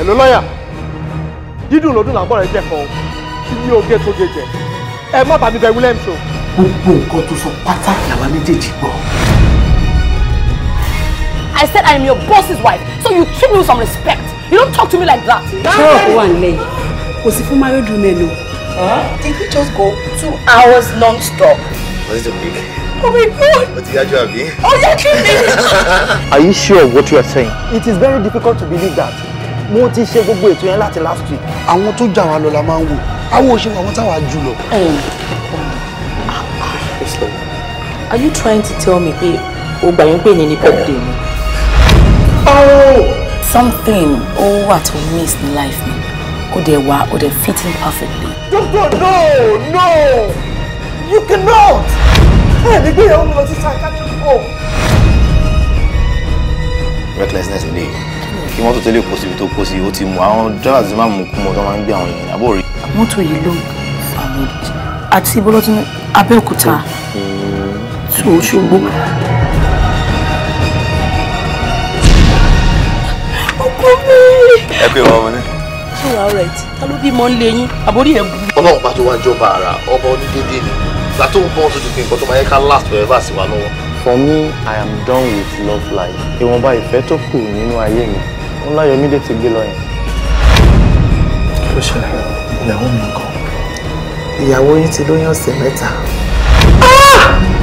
Hello lọ́yà dídùn lòdùn làgbọ́n rẹ jẹ́ kan kí ni oge tó ge jẹ ẹ má bàbí bẹ gbogbo nǹkan tó sọ pátá làwa méjèèjì gbọ́. I said I am your boss's wife so you treat me with some respect you don't talk to me like that. ṣọ́ọ̀kù wà nílẹ̀ yìí kò sí fún máyọ̀dún mẹ́nu. Did we just go two hours non-stop? Was it a week? Oh my God! Ó ti yájú àbí? Ó yájú mi! Are you sure of what you are saying? It is very difficult to believe that mo ti ṣe gbogbo ètò yẹn láti last week. àwọn tó jà wá lọ la máa ń wò àwọn òṣèlú àwọn táwa jù lọ. are you trying to tell me pé o gbà yín pé ní ní pep day something ó wà tó miss ní life mi ó dẹ̀ wá ó dẹ̀ fit in perfectly. doctor no no you cannot. ẹ gbé yẹn ó lọ sí psychiatric home recklessness lè kí mọ́tò tó lè kó síbi tó kó sí ó ti mú àwọn drivers ti máa mú kú mọ́ tó máa ń gbé àwọn èèyàn àbó rí. mọ́tò yìí ló fàmì àti bọ́lọ́tún Abẹ́òkúta tó Òṣogbo. ọkọ mi. ẹ pé wọn wọlé. ṣé wàá rẹ̀ tí ta ló bímọ ń lé yín àbórí ẹ̀ bú. ọlọ́run bá tó wá jọba ara ọba onídéédéé ni gbà tó ń bọ́ sójú pé nǹkan tó máa yẹ ká last forever sí wa lọ́wọ́ For me, I am done with love life. Ìwọ̀nba ìfẹ́ tó kù nínú ayé mi, wọ́n láyọmídé ti gbé lọ yẹn. Kí ló ṣẹlẹ̀? Ìyàwó mi kọ́. Ìyàwó yín ti lóyún ọ̀sẹ̀ mẹ́ta. Ah!